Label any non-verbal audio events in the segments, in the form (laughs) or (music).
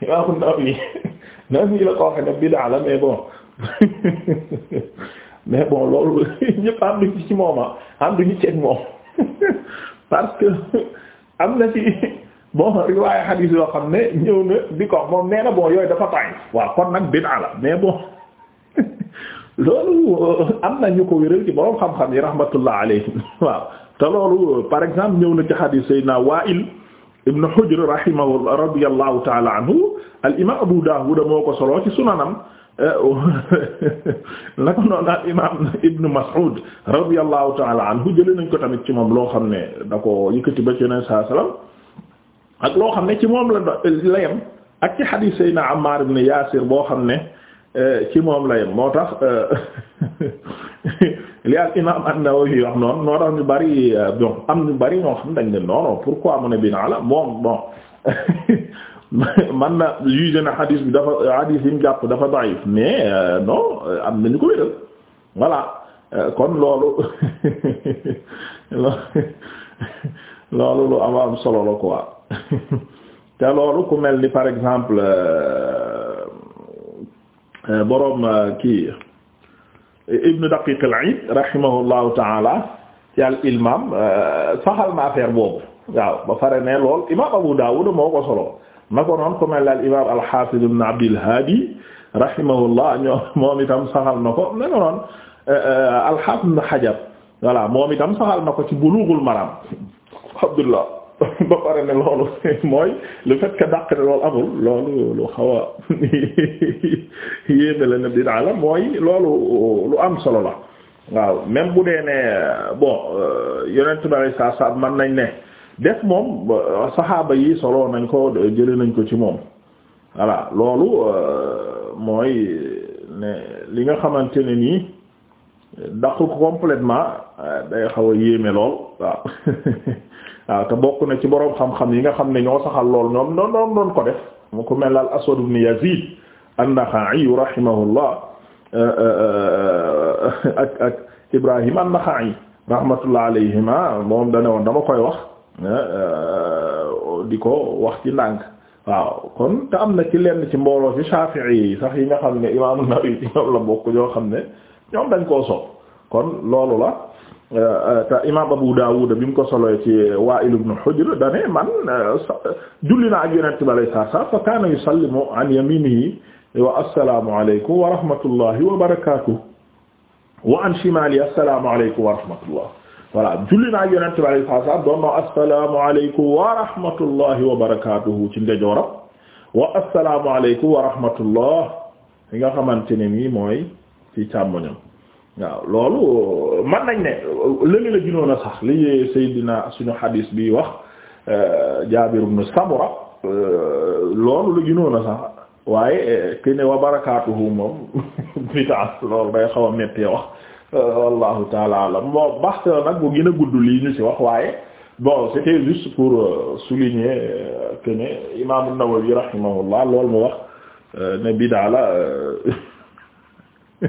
imaamu (laughs) Nawawi Nawawi la ko waxee ne la mais bon (laughs) mais bon loolu (laughs) ñëpp ànduñu ci moom ah. parce que am na ci bon riwaayu xadiis yoo xam ne ñëw na di ko moom nee bon yooyu dafa tay waaw kon nag bid'a la mais bon loolu euh, am na ñu ko wéral ci boroom xam-xam yi rahmatullah alayhim waaw te loolu euh, par exemple ñëw na ci xadiis Seydina Wa'il ibn Hujr rahimahu radiyallahu ta'ala anhu al imaam Abu Daawud moo ko solo ci sunanam eh, (laughs) naka noonu al imaam Ibn Mas'ud radiyallahu ta'ala anhu jëlee nañ ko tamit ci moom loo xam ne da ko yëkkati ba ci Yonent sallallahu alayhi wasallam ak loo xam ne ci moom la la yem ak ci xadiis Seydina Ammaar ibn Yaasir boo xam ne eh, ci moom la yem moo tax. Eh, (laughs) li al imam an-Nawawi wax noonu noo bari bon am ñu bari ñoo xam dañ ne non non pourquoi mu ne bina la moom bon (laughs) man na juge na hadis bi dafa hadis yi mu jàpp dafa daif mais euh, non am nañu ko wéral voilà euh, kon loolu (laughs) loolu lu am am solo la quoi (laughs) te loolu ku mel ni par exemple euh, boroom kii ibnu daqiq al-Iid rahimahullahu taala ci al ilmaam euh, saxal na affaire boobu waaw ba pare ne lool imaam Abu Daawud moo ko solo na ko mel al imaam al-Haafiz ibn Abdil Haadi rahimahullah ñoo moom itam saxal na ko na euh, euh, al-Haafiz ibn Hajar voilà moom itam saxal na ci Buluughul Maraam (laughs) Abdullah (laughs) ba pare ne loolu (laughs) mooy le fait dàq ne loolu amul loolu lu xaw a (laughs) yéeme la ne bidaa la mooy loolu lu am solo la waaw même bu dee ne bon euh, yonent bari saa saa mën nañ ne def moom saxaaba yi solo nañ ko jële nañ ko ci moom voilà loolu euh, mooy ne li nga xamante ne nii dàq ko complètement euh, day xaw yéeme lool waaw waaw te bokk na ci boroom xam-xam yi nga xam ne ñoo saxal loolu ñoom noonu doon doon ko def mu ko melal al Aswad ibn Yazid an-Nakha'i rahimahullah euh, euh, euh, ak ak Ibrahim an-Nakha'i rahmatullah alayhima moom dane woon dama koy wax di ko wax ci ndànk waaw kon te am na ci lenn ci mbooloo ci Shafi'i yi sax yi nga xam ne Imam An-Nawawi ci ñoom la bokk ñoo xam ne ñoom dañ koo sopp kon loolu la Euh, euh, te imaam Abu Dawud bi mu ko soloy ci Wa'il ibn Hujr dane man euh, julli naa ak Yonent bi alayhi salaatu wa salaam fa kaana yusallimu an yaminihi wa assalaamu alaykum wa rahmatullahi wa barakaatuh wa an shimaalihi assalaamu alaykum wa rahmatullah voilà julli naa ak Yonent bi alayhi salaatu wa salaam doon na assalaamu alaykum wa rahmatullahi wa barakaatuh ci ndeyjooram wa assalaamu alaykum wa rahmatullah fi nga xamante ne nii mooy ci càmmoñam waaw loolu mën nañ ne lële la ginoon sax li Seydina suñu xadiis bi wax euh, Jaabir ibn Samura euh, loolu la ginoon sax waaye euh, ki wa barakaatuhu moom (laughs) bitaas loolu day xaw a mettee wax wallahu taala alam bon nag bu gën a gudd lii ñu ci wax waaye bon c'était juste pour souligner que ne imaamu Nawawi loolu mu wax ne bidaa la (laughs)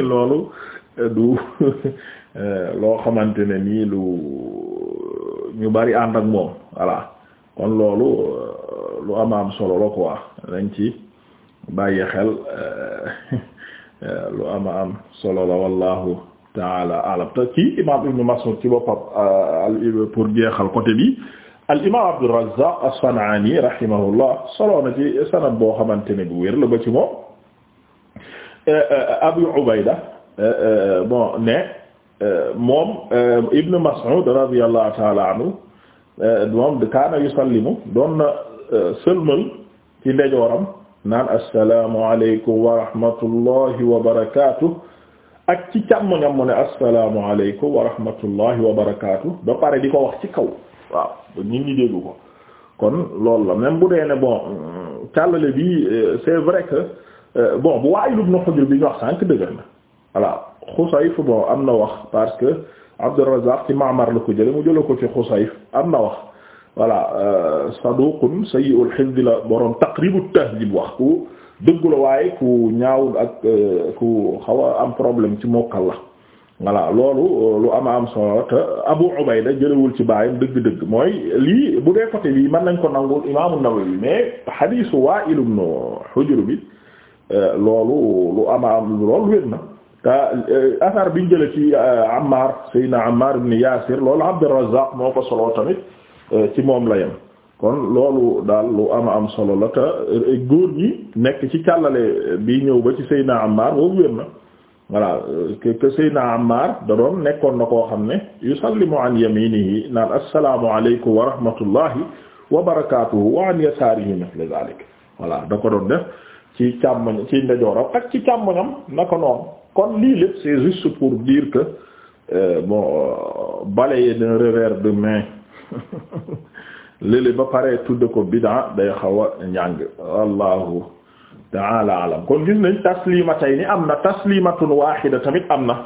loolu euh, du euh, loo xamante ne nii lu ñu bari ànd ak moom voilà kon loolu euh, lu am am solo la quoi nañ ci bàyyi xel (laughs) lu am am solo la wallahu taala alam te ci imam ibnu Mas'ud ci boppam pour jeexal côté bi al imam Abdurrazzaq as-San'ani rahimahullah solo na ci sanad boo xamante ne bu wér la ba ci moom Euh, euh, euh, Abu Ubayda bon ne moom Ibn Mas'ud radiyallahu ta'ala anhu moom kaana yusallimu doon na sëlmal ci ndejooram naan assalaamu alaykum wa rahmatullahi wa barakaatu ak ci càmmoñam mu ne assalaamu alaykum wa rahmatullahi ba pare di ko wax ci kaw waaw nit ñi dégg ko kon loolu la même bu dee ne bon càllale bi c'est vrai que Euh, bon bu Wa'il ibn Hujr bi ñu wax voilà Xusayf bon am na wax parce que Abdurrazzaq ci Ma'mar la ko jële mu jële ko ci Xusayf am na wax voilà euh, saduqun sayyi'ul hifz la borom Taqrib at-Tahdhib wax ku dëggu la waaye ku ñaawul ak euh, ku xaw am problème ci mokkal la voilà loolu lu ama am solo te Abu Ubayda jëlewul ci baayam dëgg-dëgg mooy lii bu dee côté bii mën nañ ko nangul Imaamu Nawawi mais hadiisu Wa'il ibn Hujr bi Euh, loolu lu ama am loolu wér na te euh, asar biñ jële ci euh, Ammar Seydina Ammar ibn Yaasir loolu Abdurrazzaq moo ko solo tamit ci moom la yem kon loolu daal lu ama am solo la te góor gi nekk ci càllale bi ñëw ba ci Seydina Ammar boobu wér na voilà que Seydina Ammar da doon nekkoon na koo xam ne yusallimu an yaminihi naan assalaamu aleykum wa rahmatullahi wa barakaatuhu wa an yasaarihi mithla zalik da ko doon def ci càmmoñ ci ndejooram ak ci càmmoñam naka noonu kon lii lépp c'est juste pour dire que euh, bon euh, balayer d'un revers de main (laughs) léeg-léeg ba pare tudd ko bid'a day xaw a njàng wallahu ta'ala alam kon gis nañ taslimatay ni am na taslimatun wahida tamit am na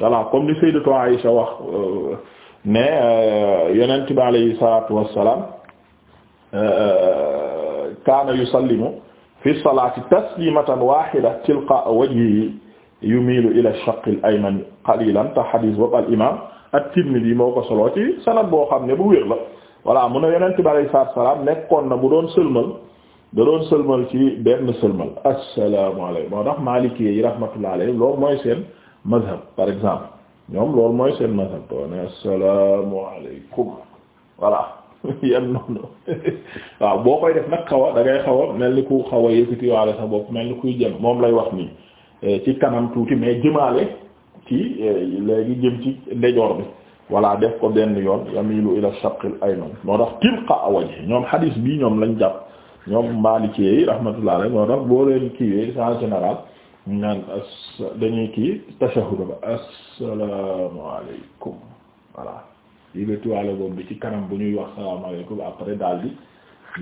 voilà comme li sayyidatu Aïsha wax euh, ne euh, yonent bi alayhi salatu wassalam kaana yusallimu fi salaati taslimatan wahida tilqaa wajhihi yumiilu ila shaqi al ayman qalilan te xadis boobu al imam at-Tirmidhi moo ko soloo ci sanad boo xam ne bu wér la voilà mun na yonent bi alayhi salaatu wa salaam nekkoon na bu doon sëlmal da doon sëlmal ci benn sëlmal assalaamu alaykum moo tax Maliki yi rahmatullahi alayhi loolu mooy seen mazhab par exemple ñoom loolu mooy seen mazhab to ne assalaamu alaykum voilà (laughs) yan noonu waaw boo koy def nag xaw a da xaw a mel ni ku xaw a sa bopp mel ni kuy jëm moom lay wax nii eh, ci kanam tuuti mais jëmaale ci eh, léegi jëm ci ndejoor bi voilà def ko benn yoon yamilu ila shaqil ayman moo tax tilqa wajhi ñoom hadis bi ñoom lañ jàpp ñoom maalikee yi rahmatullah alayhi moo tax boo leen kiiwee en général naan as dañuy kii tashahhud ba assalaamu alaykum voilà yëgatiwaale boobu bi ci kanam bu ñuy wax salaamaaleykum après daal di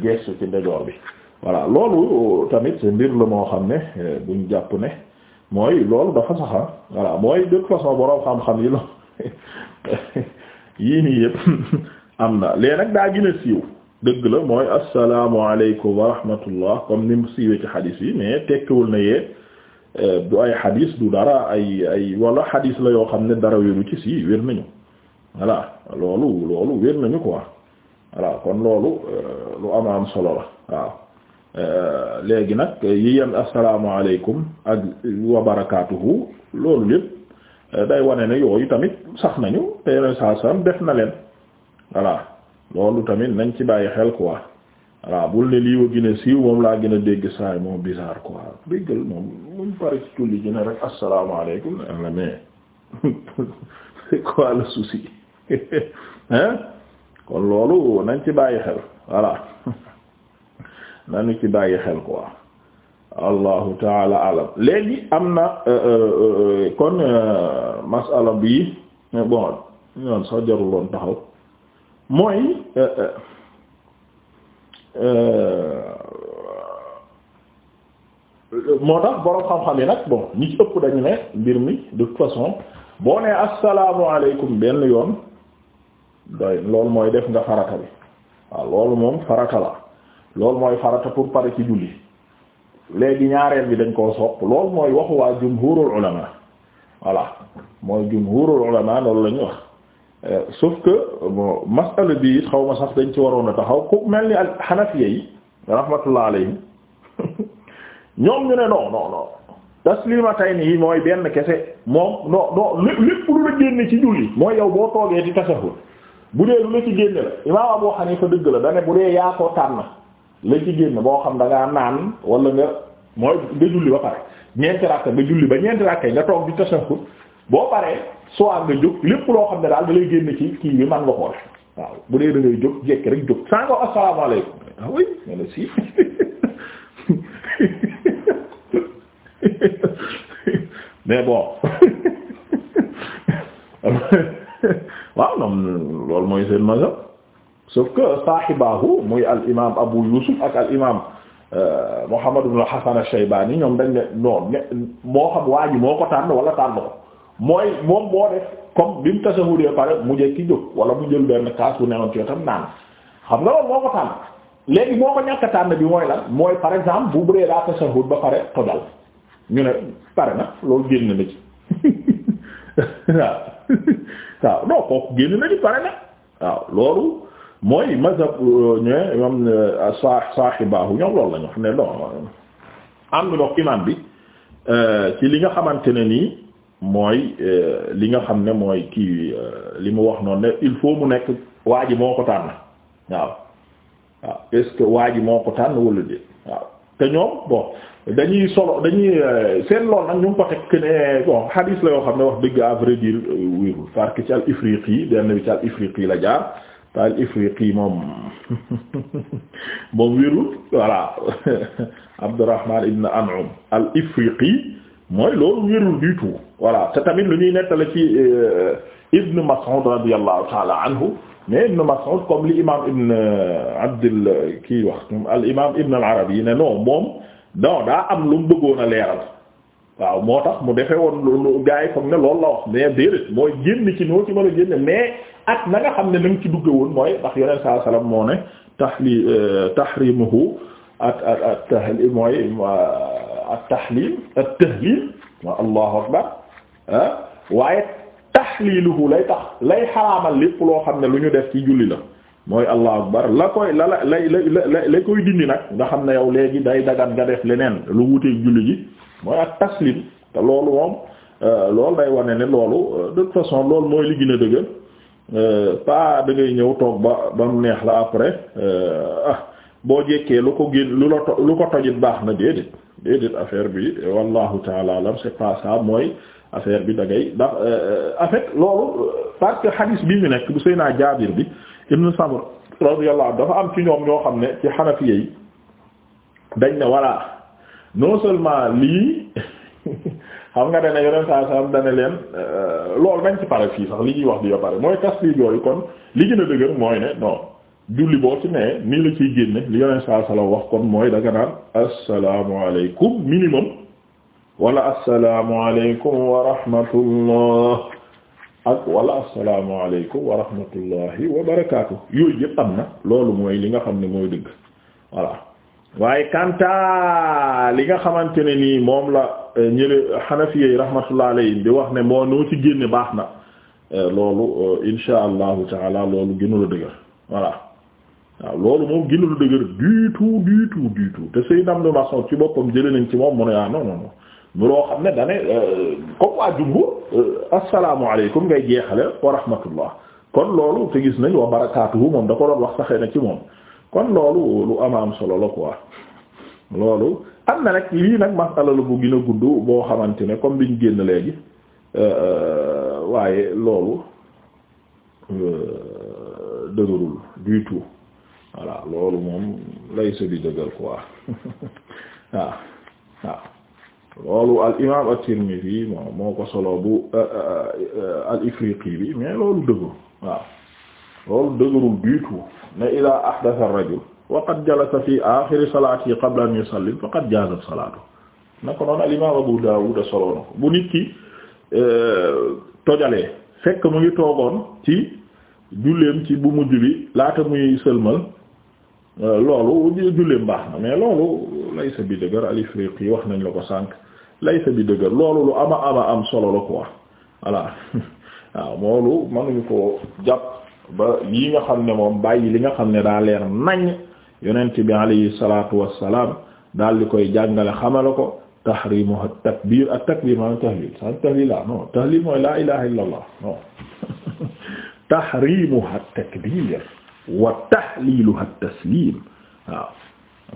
gestu ci bi voilà loolu tamit mbir la moo xam ne eh, buñ jàpp ne mooy loolu dafa saxa ah. voilà mooy de toute façon boroom xam-xam yi la (laughs) yii nii yëpp (laughs) am na léegi nag daa gën a siiw dëgg la mooy asalaamualeykum wa rahmatullah comme ni mu siiwee ci xadis yi mais tekkiwul na yee eh, du ay xadis du dara ay ay wala xadis la yoo xam ne dara wéru ci si wér nañu voilà loolu loolu wér nañu quoi voilà kon loolu euh, lu am am solo la waaw euh, léegi nag yi yem assalaamu alaykum ak wa loolu lépp euh, day wane ne yooyu tamit sax nañu te yeneen saa saam def na leen voilà loolu tamit nañ ci bàyyi xel quoi voilà bul ne lii wa gën a siiw moom laa gën a dégg saay moom bizarre quoi déggal moom muñ pare ci tulli ji ne rek assalaamu alaykum la mais (laughs) c'est quoi le souci (laughs) hein kon loolu nañ ci bàyyi xel voilà (laughs) nañu ci bàyyi xel quoi allahu taala alam léegi am na euh, euh, euh, kon masala bi bon ñoon sax jaruloon taxaw mooy moo tax boroom xam-xam yi nag bon ñi ëpp dañu ne mbir mi de toute façon boo nee assalaamu alaykum benn yoon doy loolu mooy def nga farata bi waaw loolu moom farata la loolu mooy farata pour pare ci julli léegi ñaareel bi dañ koo sopp loolu mooy waxu waa jumhurul ulama voilà mooy jumhurul ulama loolu la ñu wax euh, sauf que bon masala bi it xaw ma sax dañ ci waroon a taxaw ku mel ni al hanafiya yi rahmatullah alayhim (laughs) ñoom ñu ne non non non taslimatayni mooy benn kese moom non non lépp lu la génne ci julli mooy yow boo toogee di tasahul bu dee lu la ci génne la xam ne fa dëgg la da ne bu dee yaa ko tànn la ci génne boo xam da naan wala nga mooy nga julli ba pare ñeenti rakka nga julli ba ñeenti rakka nga toog di tashahhud boo paree soit nga jóg lépp loo xam ne daal da lay génn ci kii bi man nga ko def waaw bu dee da ngay jóg jekk rek jóg sans que asalaamaaleykum ah ne si (laughs) mais (laughs) waaw ñoom loolu mooy seen mazhab sauf que saahibahu muy al imam Abu Yusuf ak al imam euh, Muhammad ibn Hasan al-Shaybani ñoom dañ ne non moo xam waa ji moo ko tànn wala tànn ko mooy moom moo def comme bi mu tasahudee pare mu wala mu jël benn kaas bu newoon ci wetam naan xam nga loolu moo ko tànn léegi moo ko ñàkk tànn bi mooy lan mooy par exemple bu bëree daa tasahud ba pare tojal ñu ne pare na loolu génn na ci. (laughs) waaw waaw non kooku génn na ci pare na waaw loolu mooy mazhab euh, ñowe moom sa euh, saahibahu ñoom loolu la xam ne don am na dox imaam bi euh, ci li nga xamante ne nii mooy li nga xam ne mooy kii li mu wax noon ne il faut mu nekk waa ji moo ko tànn waaw waaw est que waa ji moo ko tànn wala déet waaw te ñoom bon dañuy solo dañuy euh, seen lool nag ñu ngi bon hadith la yoo xam ne wax dëgg à vrai dire euh, wérul parce que ci al ifriqi la jaar te al ifriqi moom (laughs) moom wérul voilà (laughs) Abdurrahman ibn An'am al ifriqi mooy loolu wérul du tout voilà te tamit lu ñuy nettali ci euh, Ibn Mas'ud radiyallahu ta'ala anhu mais Ibn Mas'ud comme li imam Ibn Abdil kii wax al imam Ibn al Arabi ne non moom. non daa am lu mu bëggoon a leeral waaw moo tax mu defe woon lu gaa yi foog na loolu la wax mais déedéet mooy génn ci noo ci mën a génne mais ak na nga xam ne na nga ci dugge woon mooy ndax yoneen saa salaam moo ne tahli euh, tahrimuhu at at at tahli mooy at tahlim at tahlil wa allahu akbar ah, waaye tahliluhu lay tax lay xaraamal lépp loo xam ne lu ñu def ci julli la mooy allahu akbar la koy la la lay la la koy dindi nag nga xam ne yow léegi day dagan nga def leneen lu wuteeg julli ji mooy ak taslim te loolu moom euh, loolu day wane ne loolu euh, de toute façon loolu mooy li gën dëgg euh, pas da ngay ñëw toog ba ba mu neex la après ah boo jekkee lu ko génn lu la lu ko tojit baax na déedéet déedéet affaire bi wallahu taala alam c'est pas ça mooy affaire bi da ngay ndax en fait loolu parce que hadis bi ñu nekk bu sëy Jaabir bi ibn Sabr radiyallahu anhu dafa am ci ñoom ñoo xam ne ci Hanafiya yi dañ ne voilà non seulement lii (laughs) xam nga dana yoneen saa saam dana leen euh, loolu nañ ci pare fii sax li ñuy wax di yo pare mooy yooyu kon li gën a dëgër mooy ne non julli boo ci nee nii la ciy génne li yoneen saa sala wax kon mooy da nga naan asalaamualeykum minimum wala asalaamualeykum wa rahmatullah ak wala assalaamu alaykum wa rahmatullahi wa barakaatu am na loolu mooy li nga xam ne mooy dëgg waaye kanta li nga xamante ne nii moom la eh, ñële xanafiyey rahmatullah alayhim bi wax ne moo noo ci génne baax na eh, loolu eh, insha allahu taala loolu gënul a dëgër voilà waaw loolu moom gënul a dëgër du tout du tout du tout te say nam lu maçon ci boppam jële nañ ci moom mu ne ah non non loo xam ne dane euh, comme waa jumhur euh, asalaamualeykum ngay jeexale wa rahmatullah kon loolu te gis nañ wa barakaatuhu moom da ko doon wax saxee na ci moom kon loolu lu ama am solo la quoi loolu am na nag lii nag masala bu gën a gudd boo xamante ne comme biñ génn léegi euh, waaye loolu dëgërul du tout voilà loolu moom lay sa bi dëgër quoi (laughs) waaw waaw loolu al imaam at-Tirmidhi moo moo ko solo bu euh, euh, euh, al bi mais loolu dëgër waaw loolu dëgërul du tout ne ila ahdatha ar-rajul wa qad fi aaxiri salaatihi qabla an yusallim faqad jaazat salaatuhu na ko noonu al imaam Abu Daawud ko bu nit ki tojalee fekk mu ngi toogoon ci julleem ci bu mujj bi laata muy sëlmal. Euh, loolu julleem baax na mais loolu laysa bi dëgër al-Ifriqi wax nañ la ko sànq laysa bi dëgër loolu lu ama ama am solo la quoi voilà (laughs) waaw moolu mënuñu ko jàpp ba yi nga xam ne moom bàyyi li nga xam ne daa leer nañ yonent bi alayhi salaatu wassalaam daal di koy jàngale xamala ko tahrimu at-takbir at-takbir ma tahlil san tahlil la non tahlil mooy la ilaha illa allah non (laughs) wa tahliluha taslim waaw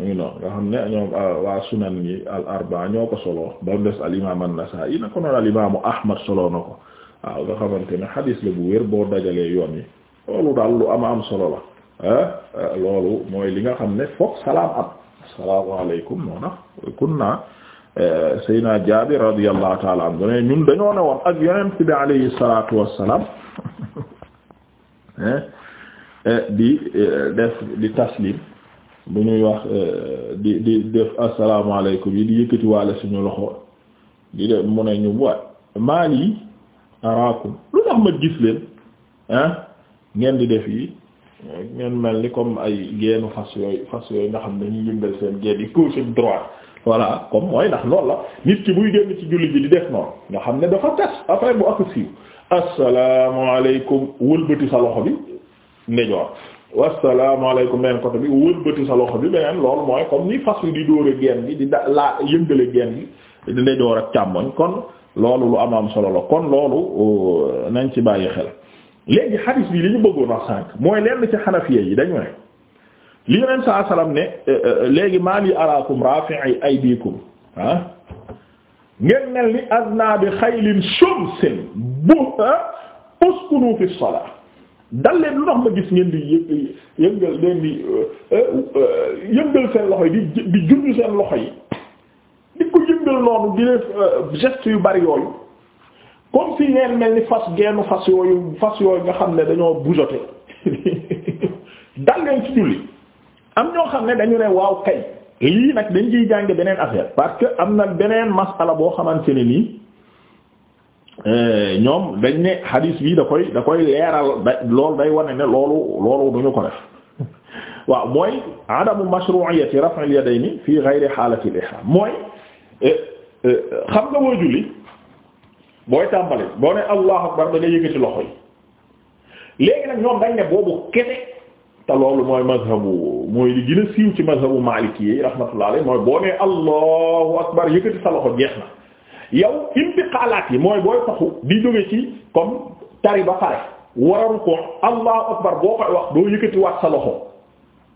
mu ngi noonu xam ne ñoom ah, waa sunan yi al arba ñoo ko solo ba mu des al imaam an na ko noonu al imaamu Ahmad solo na ko nga xamante ne xadiis la bu wér boo dajalee yoon yi loolu daal lu am solo la ah, ah, loolu mooy li nga xam ne fokk salaam am assalaamu alaykum moo tax kunna eh, Seydina Jaabir radiyallahu ta'ala anhu ñun dañoo ne woon ak yonent bi alayhi salaatu wassalaam (laughs) eh, Eh, di eh, def di taslim bu ñuy wax eh, di di def asalaamaaleykum yi di yëkkati waale suñu loxo di def mu ne ñu waay maali araakum lu tax ma gis leen ah ngeen di def yi ngeen mel ni comme ay geenu fas yooyu fas yooyu nga xam ne ñu yëngal seen gen yi gauche ak droite comme mooy ndax loolu la nit ki buy génn ci julli ji di def noonu nga xam ne dafa tas affaire bu ak siiw asalaamaaleykum wëlbati sa loxo bi ndejoor wasalaamaaleykum beneen côté bi wëlbati sa loxo bi beneen loolu mooy comme ni fas wi di dóore geen bi di da laa yëngale geen bi di ndejoor ak càmmoñ kon loolu lu am am solo la kon loolu euh, nañ ci bàyyi xel léegi xadis bi li ñu bëggoon wax sànq mooy lenn ci xanafiya yi dañu ne li yonent saa salaam ne euh, euh, léegi maa li araakum rafi'i ay ah ngeen mel ni aznaa bi xaylin shumsin bu ah, uskunu fi salaa dal leen lu tax ma gis ngeen di yëngal leen di euh, euh, euh, yëngal seen loxo yi di di junj seen loxo yi di ko yëngal noonu di def yu bari yooyu comme si ngeen mel ni fas geenu fas yooyu fas yooyu nga xam ne dañoo bujote (laughs) dal leen ci julli am ñoo xam ne dañu ne waaw kay lii nag dañ ciy jànge beneen affaire parce que am na beneen masala boo xamante ne nii Eh, ñoom dañ ne hadis bi da koy da koy leeral da loolu day wane ne loolu loolu duñu ko def (laughs) mooy adamu mashru'iyyati raf'il yadayni fi ghayri halati al mooy eh, eh, xam nga booy julli booy tàmbali boo ne allahu akbar da nga loxo yi léegi ñoom dañ ne boobu kese te loolu mooy mazhabu mooy siiw ci mazhabu maliki yi rahmatullah alayhi mooy boo ne akbar yëkkati sa loxo jeex yow intiqalaat yi mooy booy taxu di jóge ci comme tari ba pare wararu ko allahu akbar boo koy wax doo yëkkati waat sa loxo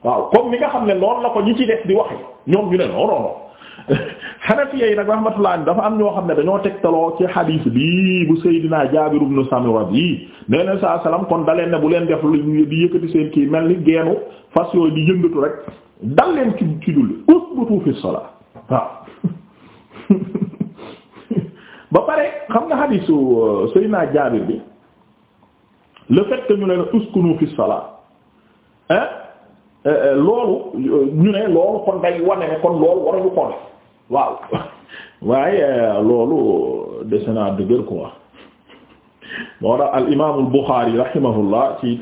waaw comme ni nga xam ne noonu la ko ñi ci des di waxe ñoom ñu ne non non non (laughs) Hanafiya yi nag rahmatullah dafa am ñoo xam ne dañoo tegtaloo ci hadith bi bu Seydina Jaabir ibn Samura bi nee na saa salaam kon da leen ne bu leen def lu di yëkkati seen kii mel ni geenu fas yooyu di yëngatu rek dal leen ki ci julli usbutu fi salaa waaw (laughs) ba pare xam nga xadiisu euh, Seydina Jaabir bi le fait que ñu leen uskunu fi salaa euh, euh, loolu ñu ne loolu kon day wane ne kon loolu waruñu ko ne waaw (laughs) waaye loolu dese naa dëgër quoi moo tax al imaamul Buxaari rahimahullah ci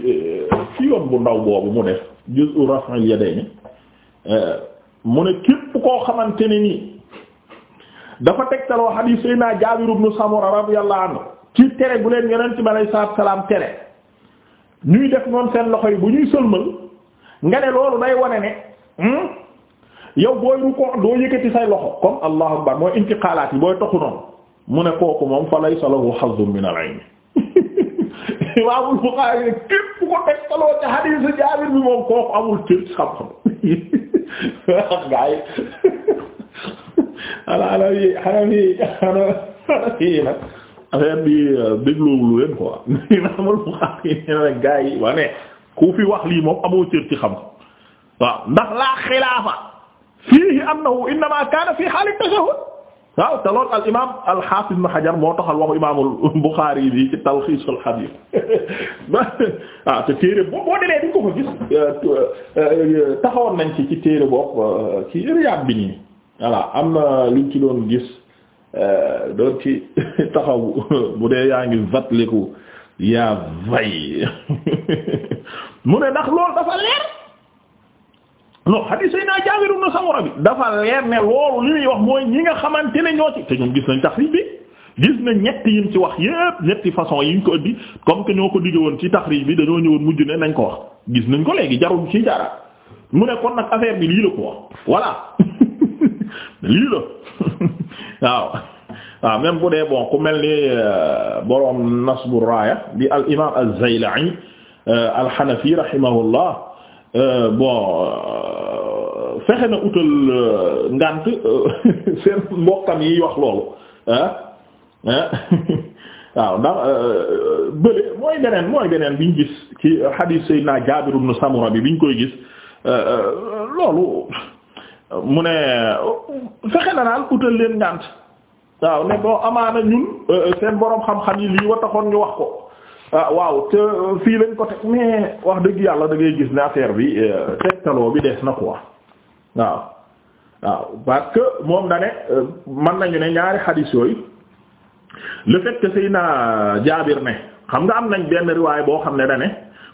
ci yoon bu ndaw boobu mu def juz'u raf'il yadayni mu ne képp koo xamante nii. dafa tegtaloo xadiis naa Jaabir ibn Samura radiyallahu anhu ci tere bu leen yonent bi alayhi salaatu salaam tere ñuy def noonu seen loxo yi bu ñuy sëlmal nga ne loolu day wane ne hmm, yow booy rukkoo doo yëkkati say loxo comme allahu akbar mooy intiqaalaat yi booy toxu noonu mu ne kooku moom fa laysa lahu hazzun min al-ilm (laughs) Imaamul Buxaari képp ko tegtaloo ci xadiis Jaabir bi moom kooku amul cër xam-xam (laughs) xanaa yi xanaa yi xanaa yi nag affaire bi euh, dégloowulu leen quoi (laughs) imaamul Buxaari nee na gaa yi wane ku fi wax lii moom amoo cër ci xam waaw ndax laa xilaafa fiihi annahu innamaa kaana fii haali tashahhud waaw te loolu al imaam al haafiz ibn Hajar moo taxal waxu imaamul (laughs) Buxaari bi ci Talxiisul Hadiis (laughs) waaw te téere boo boo demee di ko ko gis euh, euh, taxawoon nañ ci ci téere boobu ci Riyaad bi nii voilà am na luñ ci doon gis euh, doon ci (laughs) taxaw bu dee yaa ngi vatliku yaa vay (laughs) mu ne ndax loolu dafa leer non xadis say naa Jaabir ibn Samura bi dafa leer ne loolu li muy wax mooy ñi nga xamante ne ñoo ci te ñun gis nañ taxriij bi gis na ñett yim ci wax yépp ñetti façon yi ñu ko ëddi comme que ñoo ko digge woon ci taxriij bi dañoo ñëwoon mujj ne nañ ko wax gis nañ ko léegi jarul ci jaara mu ne kon nag affaire bi lii la ko wax voilà (laughs) lii la (laughs) waaw waaw bu dee bon ku mel ni euh, boroom nasbu raaya bi al imaam az-Zaylai euh, al-Hanafi rahimahullah euh, fexe na utal ngànt (laughs) seen mbokkam yi wax loolu ah (laughs) mooy beneen mooy beneen biñ gis ci hadith Seydina Samura bi biñ koy gis mu ne fexe na daal utal leen ngànt waaw ne boo amaana ñun euh, euh, seen boroom xam-xam yi lii wa taxoon ñu wax ko ah, waaw te euh, fii lañ ko teg mais wax dëgg yàlla dangay gis ne affaire bi tegtaloo bi des na quoi waaw waaw parce que moom da ne mën nañu ne ñaari xadiis yooyu le fait que Jaabir ne xam nga am nañ benn riwaay boo xam ne da ne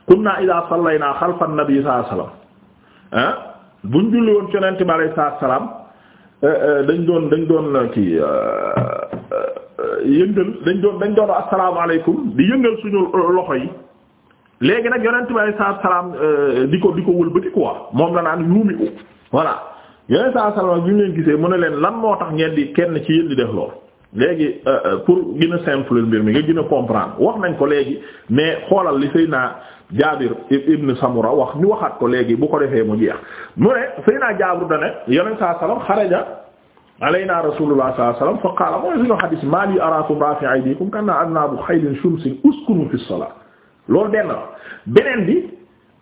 kunna idaa naa xalfa an-nabi sallallahu alayhi wasallam buñ julli woon ci yonent bi alayhi salaam euh, euh, dañ doon dañ doon euh, kii yëngal dañ doon dañ doon asalaamaaleykum di yëngal suñu loxo yi léegi nag yonent bi alayhi salaam di ko di ko wëlbati quoi moom la naan yuumi u voilà yonent saa salaam bi ñu leen gisee mu ne leen lan moo tax ngeen di kenn ci yéen di def lool. léegi pour gën a simple mbir mi nga gën a comprendre wax nañ ko léegi mais xoolal li sëy naa. Jaabir ibn Samura wax ñu waxaat ko léegi bu ko defee mu jeex mu ne Seydina Jaabir da ne yeneen saa salaam xaraja alaynaa rasuulullah sallallahu alayhi wasallam fa qaala mooy suñu xadis maa lii araakum raafi'a aydiikum ka'annaa adnaabu xaylin shumsin uskunu fi salaat loolu benn beneen bi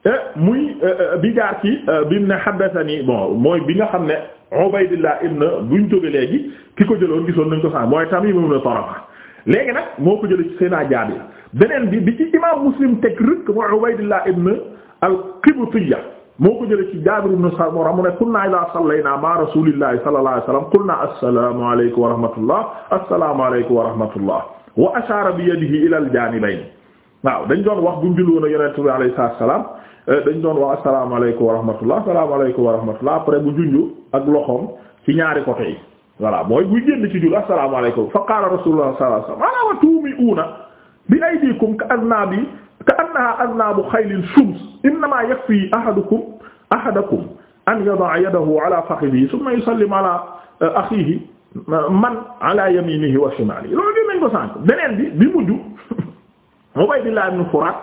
eh, muy eh, eh, bi jaar ci bi mu ne haddathanii bon mooy bi nga xam ne Ubaydillah ibn buñ jóge léegi ki ko jëloon gisoon nañ ko sax mooy Tamiim ibn Tarafa léegi nag moo ko jëlee ci Seydina Jaabir beneen bi bi ci imaam muslim teg rëkk mooy Ubaydillah ibn al-Qibtiyya moo ko jëlee ci Jaabir ibn Samura mu ne kunna idha sallayna ma rasulillahi sallallahu alayhi wasallam qulna assalamu alaykum wa rahmatullah assalamu alaykum wa rahmatullah wa ashara bi yadihi ila al-janibayn waaw dañ doon wax bu ñu julliwoon ak yonent bi alayhi salaam eh, dañ doon wax assalamu alaykum wa rahmatullah assalamu alaykum wa rahmatullah après bu junju ak loxoom ci ñaari côté yi voilà mooy buy génn ci jul assalamu alaykum fa qala rasulullah sallallahu alayhi wasallam ala wa tumi'una bi aydikum ka aznaabi ka annaha aznaabu xaylin shums innama yakfi ahadukum ahadakum an yada'a yadahu ala fakhidhihi thumma yusallimu ala euh, akhihi euh, man ala yaminihi wa shimalihi loolu gën nañ ko sànk beneen bi bi mujj (laughs) Ubaydillah ibn Furat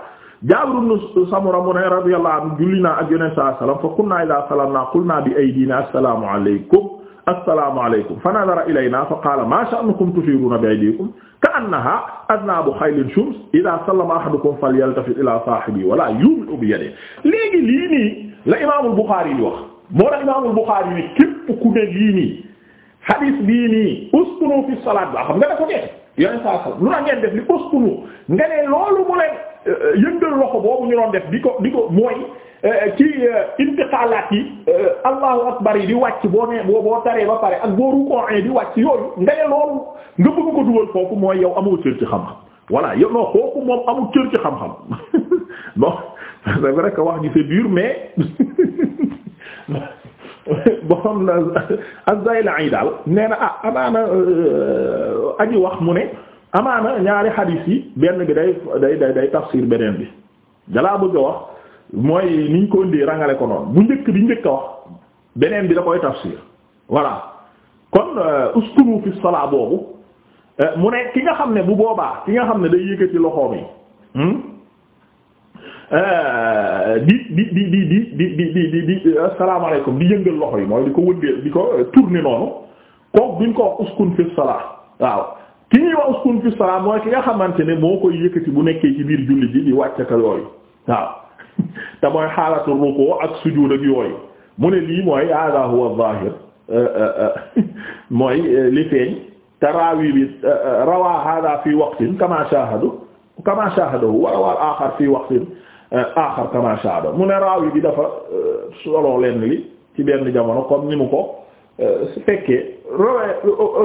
Jaabir ibn Samura mu ne radiyallahu anhu julli naa ak Yonent sallallahu alayhi wa sallam fa kunna idha sallamna qulna bi aydina assalamu alaykum assalaamu alaykum fa nadara ilayna fa qaala ma sha'nukum tushiruuna bi aydikum ka annaha adnaabu xaylin shums ida sallama ahadukum falyaltafit ila saahibi wala yumiu bi yadihi léegi lii nii la imaamul Buxaari di wax moo tax imaamul Buxaari ni képp ku ne lii nii hadis bii nii uskunu fi salaat ba xam nga ne ko dee yone saa sal lu na ngeen def li uskunu nga ne loolu mu leen eh, yëngal loxo boobu ñu doon def di ko di ko mooy Euh, ci euh, intiqalaat yi euh, allahu akbar yi di wàcc boo nee boo boo taree ba pare ak boo ruqooee di wàcc yooyu ndaye loolu nga bëgg ko dugal foofu mooy yow amoo cër ci xam-xam voilà yow non kooku moom amul cër ci xam-xam (laughs) bon (laughs) c'est vrai que wax ji c'est dur mais (laughs) bon az-Zayla'i daal nee na ah amaana aji wax mu ne amaana ñaari xadiis yi benn bi day day day day beneen bi dalaa bëgg a wax mooy niñ ko ëndee rangale ko noonu bu njëkk bi njëkk wax beneen bi da koy tafsir voilà kon uskunu fi boobu mu ne ki nga xam ne bu boobaa ki nga xam ne day yëkkati loxoom yi di di di di di di di di di asalaamaaleykum di yëngal loxo yi mooy di ko wëndeel di ko tourner noonu kooku duñ ko wax uskun fi waaw ki ñuy wax uskun fi mooy ki nga xamante ne moo koy yëkkati bu nekkee ci biir julli ji di wàccaka yooyu waaw te mooy xaalatu ruku ak sujud ak yooyu mu ne lii mooy hada huwa zahir euh, euh, euh, mooy li feeñ te raawi bi rawaa hada fi waqtin kama shahadu kama shahadahu wa rawaa al-axar fi waqtin axar kama shahada mu ne raawi bi dafa solo leen li ci benn jamono comme ni mu ko su fekkee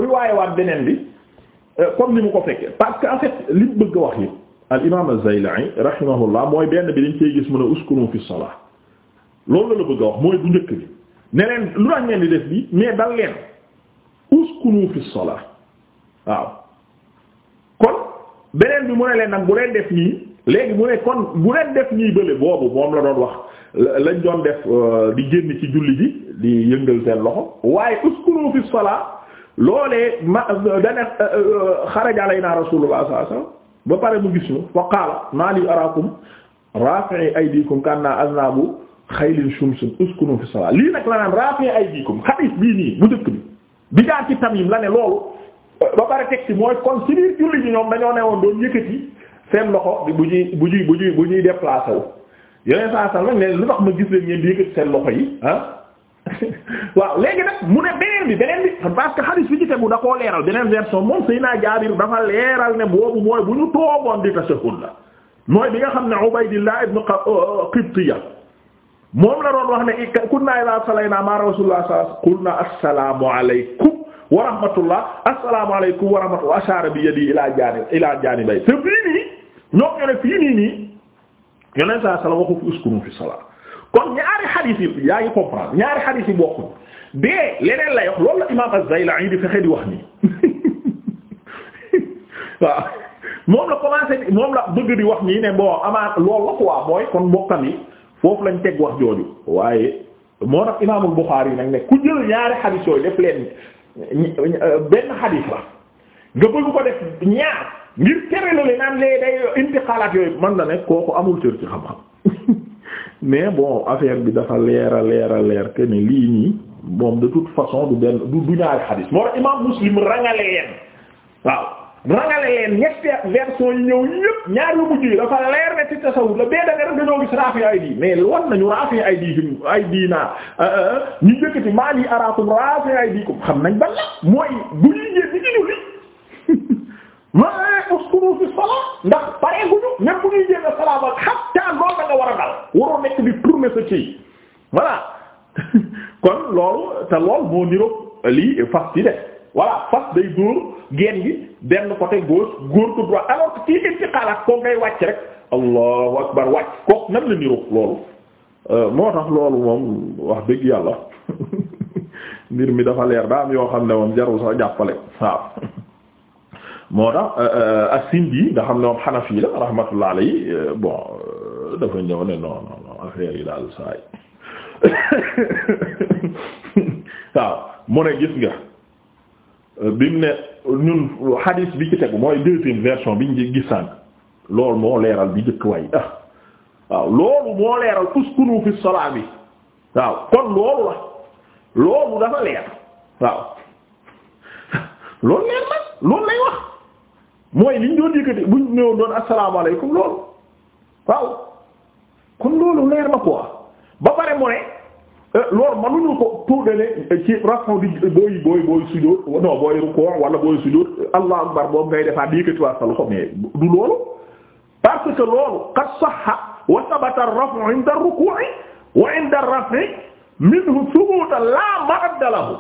riwaaye waat beneen bi comme ni mu ko fekkee parce que en li bëgg wax yi al imaam az-Zaylai mooy benn bi dañ cee gis mu ne uskunu fi salaa loolu la bëgg a wax mooy bu njëkk bi ne leen lu tax ngeen def bi mais dal leen uskunu fi salaa waaw kon beneen bi mu ne leen nag bu leen def nii léegi mu ne kon bu leen def nii bële boobu moom la doon wax lañ doon def euh, di génn ci julli bi di yëngal seen loxo waaye uskunu fi salaa loolee ma euh, dana euh, xaraja alaynaa Rasulullah sallallahu alayhi wasallam ba pare mu gis ñu wa qaala maa li araakum rafi'i aydikum kanna aznabu xaylin shumsun uskunu fi lii nag la naan rafi'i aydikum xadis bii nii bu njëkk bi bi jaar ci tamim la ne loolu ba pare teg ci mooy kon ci biir julli ñi ñoom dañoo newoon doon yëkkati seen loxo bu ñuy bu ñuy bu ñuy bu ñuy déplacé wu yeneen saa sax nag ne lu tax ma gis leen ngeen di yëkkati seen loxo yi ah (laughs) waaw léegi nag mu ne beneen bi beneen bi parce que hadith bi ci tegu da leeral beneen version moom Seydina Jaabir dafa leeral ne boobu mooy bu ñu toogoon di tashahhud la mooy bi nga xam ne Ubaydillah ibn euh, euh, Qibtiya moom la doon wax ne kunna idha salayna ma rasulullah sallallahu qulna assalamu alaykum wa rahmatullah assalamu alaykum wa rahmatullah ashara bi yadi ila janib ila janibay te fii nii ñoo ko fii nii nii yeneen saa sala waxu fi uskunu fi salat kon ñaari xadis yi yaa ngi comprendre ñaari xadis yi bokkuñ bee leneen lay wax loolu la imaam Az-Zaylai di fexe di wax nii (laughs) waaw moom la commencé moom la bëgg di wax nii ne bon amaat loolu la quoi mooy kon mbokkam yi foofu lañ teg wax jooju waaye moo tax imaamul Buxaari yi nag ne ku jël ñaari xadis yooyu def leen benn xadis la nga bëgg ko def ñaar ngir tere la naan lee day intiqaalaat yooyu mën na ne kooku amul cër ci xam-xam. (laughs) mais bon affaire bi dafa leer a leer a leer que ne lii nii moom de toute façon du benn du du ñaari xadis moo tax imam muslim rangale leen waaw rangale leen ñetti version yi ñëw ñëpp ñaar yu mujj yi dafa leer ne ci tasawuf la bee da rek dañoo gis raafi ay mais wan nañu raafi ay naa euh, euh, euh, ñu njëkkati maa ni araakum raafi ko xam nañ ban mooy bu ñu yéen ñu ñu li ndax paree guñu même bu ñuy jéem a salaam ak hatta loolu war a dal waroo nekk di tourner sa ci voilà (laughs) kon loolu te lool moo niroog lii fas ci def voilà fas day dóor geen gi benn côté gauche góor ko droit alors que ci intiqalaat kooku ngay wàcc rek allahu akbar wàcc kook nan la niroog loolu euh, moo tax loolu moom wax dëgg yàlla (laughs) mbir mi dafa leer daa am yoo xam ne moom jarul sax jàppale waaw moo tax euh, euh, as-Sindi nga xam ne moom Hanafi la rahmatullah euh, bon dafa ñëw ne non non non affaire yi daal saa (laughs) waaw mu ne gis nga bi mu ne ñun hadis bi ci tegu mooy deuxième version bi ñu gis sànq lool moo leeral bi njëkk way ah, waaw loolu moo leeral uskunu fi salaa bi waaw kon loolu la loolu dafa leer waaw (laughs) loolu leer na loolu lay wax. mooy liñ doon yëkkati buñ ñëw doon asalaamaaleykum loolu waaw kon loolu leer na quoi ba pare mu ne euh, loolu mënuñu ko tuddale ci rafu di booy booy booy sujjóot non booy rukkoo wala booy sujjóot allahu akbar boobu ngay defaat di yëkkati waa sa loxo mais du loolu parce que loolu qad sahha wa thabata ar-raf'u 'inda ar-ruku'i wa 'inda ar-raf'i minhu thubutan la maradda lahu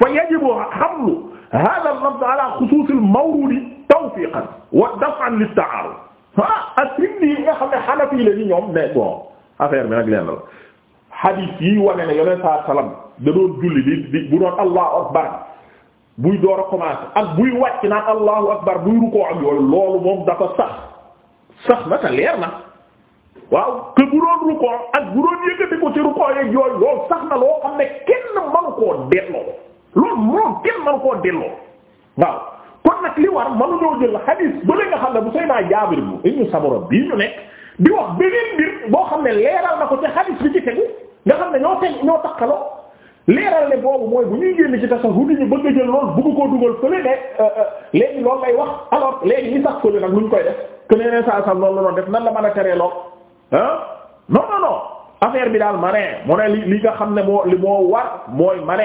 fa yajibu hamlu hadha al-lafz ala khusus al-mawrudi tawfiqan wa daf'an lit ta'arud ah at-Tirmidhi nga xam ne Hanafi la ni ñoom ne bon affaire bi nag leen la hadith yi wane ne yoneen saa salaam da doon julli di bu doon Allahu akbar buy door a commencer ak buy wàcc naan Allahu akbar buy rukkoo ak yooyu loolu moom dafa sax sax na te na waaw que bu doon rukkoo ak bu doon yëkkati ko ci rukkoo yeeg yooyu loolu sax na loo xam ne kenn manu koo delloo loolu moom kenn manu koo delloo waaw. kon nag li war mënuñoo jël xadiis ba nga xam ne bu Seydina Jaabir bu ibnu Samura bii ñu nekk di wax beneen mbir boo xam ne leeral na ko te xadiis bi ci tegu nga xam ne ñoo teg ñoo takkaloo leeral ne boobu mooy bu ñuy génn ci tasawuf ñu bëgg a jël lool bëgg koo dugal fële ne euh, euh, léegi loolu lay wax alors léegi li sax fële nag lu ñu koy def que nee saa saa loolu la doon def nan la mën a teree loo ah non non non affaire bi daal ma ne mu ne li li nga xam ne moo li moo war mooy ma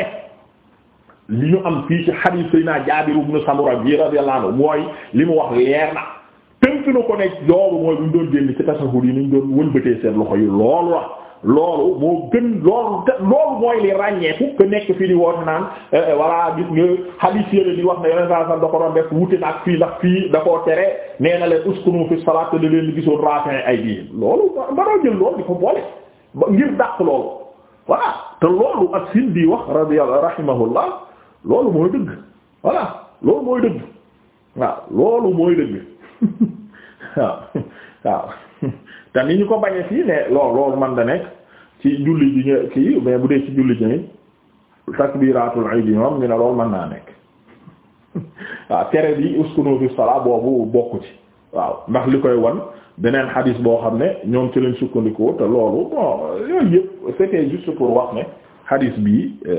li ñu am fii ci hadith sayna Jaabir ibn Samura bi radiyallahu anhu mooy li mu wax leer na tënk na ko nekk loolu mooy bu ñu doon génn ci tasahud yi ni ñu doon wëlbatee seen loxo yi loolu moo gën loolu mooy li ràññeeku que nekk fii di woote naan walaa eh, eh, gis nga hadith yële di wax ne yeneen saa sax da ko doon def wuute na fii ndax fii da koo tere nee na leen uskunu fi salaat da leen gisoon rafin ay biir loolu mënoo jël loolu di ko boole ngir dàq loolu mooy dëgg voilà loolu mooy dëgg waaw loolu mooy dëgg (laughs) waaw waaw (laughs) te ñu ko bañee fii ne loolu loolu man da nekk ci julli ji nga kii mais bu dee ci julli ji nii takbiratul iid ñoom ñu ne loolu mën naa nekk (laughs) waaw tere bi uskunu fi salaa boobu bokku ci waaw ndax li koy wan beneen xadiis boo xam ne ñoom ci lañ sukkandikoo te loolu bon yooyu yëpp c'était juste pour wax ne xadis bi euh,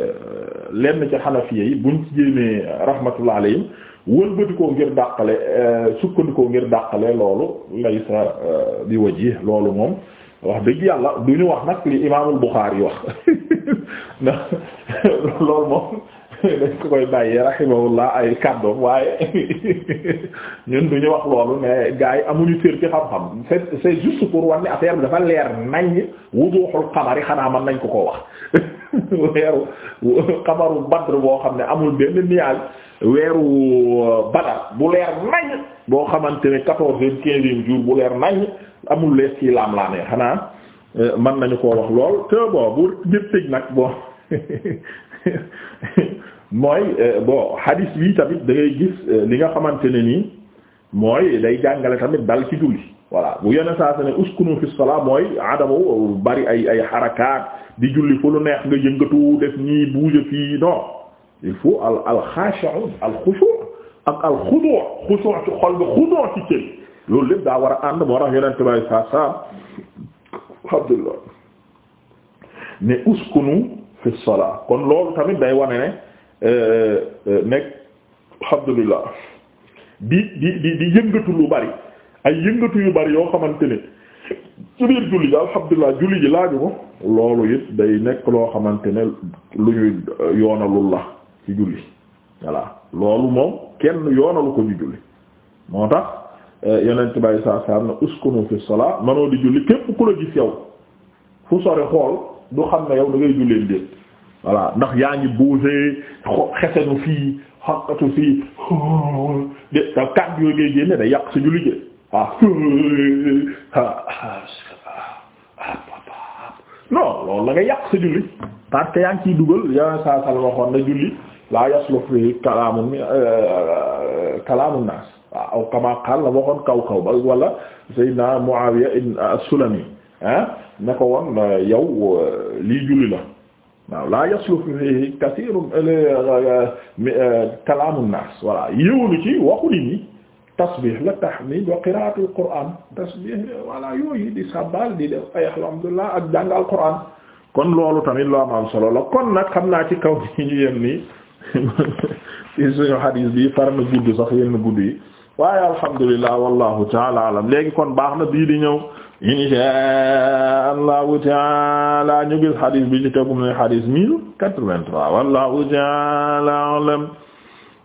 lenn ca xanafiya yi buñ ci jéemee euh, rahmatullah alayhim wëlbatikoo ngir dàqale euh, sukkandikoo ngir dàqale loolu lay sa bi loolu moom wax dëgg yàlla du wax nag li imaamul Buxaari yi wax (laughs) ndax (laughs) loolu moom dañ ko koy bàyyee rahimahullah ay kàddoom waaye (laughs) ñun du ñu wax loolu mais gars yi amuñu cër ci xam-xam c'est c'est juste pour wax ne affaire bi dafa leer nañ wuduuxul xamari xanaa man nañ ko ko wax (laughs) weeru xamaru badr boo xam ne amul benn niyaal weeru euh, badar bu leer nañ boo xamante ne quatorzième quinzième jour bu leer nañ amul lees ci laam laamee xanaa euh, mën nañu ko wax lool te bon bu jëp tëj nag bon (laughs) mooy euh, bon hadith bi tamit da gis li nga xamante ne nii mooy day jàngale tamit dal ci julli voilà bu yenn saa sa ne uskunu fi salaa mooy adamu bari ay ay xarakaat di julli fu lu neex nga yëngatu def ñii bouge fii non il faut al al xaashi'un al xushu' ak al xudu' xushu' ci xol bi xudu' ci cël loolu lépp daa war a ànd moo tax yonent bay saa saa alhamdulillah ne uskunu fi salaa kon loolu tamit day wane ne euh, euh, nekk alhamdulillah di di di di yëngatu lu bari ay yëngatu yu bari yoo xamante ne ci biir julli ji alhamdulilah julli ji laaju ko loolu it day nekk loo xamante ne lu ñuy yoonalul la ci julli voilà loolu moom kenn yoonalu ko ñu julli moo tax eh, yonent bàyyi saa saa na uskunu fi salaa manoo di julli képp ku la gis yow fu sore xool du xam ne yow da ngay julleen déet voilà ndax yaa ngi bougé xesenu fii xaqatu fii de kàddu yooyu ngay génne day yàq sa julli ji ah non loolu la nga yàq sa julli parce yaa ngi ciy dugal yaa saa sal waxoon na julli laa yaslu fi kalaamu kalaamu euh, naas aw kamaa la waxoon kaw kaw ba wala Seydina Muawiya as-Sulami ah ne ko woon euh, yow euh, lii julli la waaw laa yaslu fi kalaamu naas voilà yéewalu ci waxu nit ñi tasbih la tahmid wa qiraatul qur'aan tasbih walla yooyu di sabbal di def ay alhamdulillah ak jàng al qur'aan kon loolu tamit lu am solo la kon nag xam naa ci kaw ni (laughs) ñu yem nii (laughs) ci suñu xadiis bi far na gudd sax yenn gudd yi waaye alhamdulillah wallahu taala alam léegi kon baax na bii di ñëw insha allahu taala ñu gis xadiis bi ci tegum ne xadiis mille quatre-vingt-trois wallahu taala alam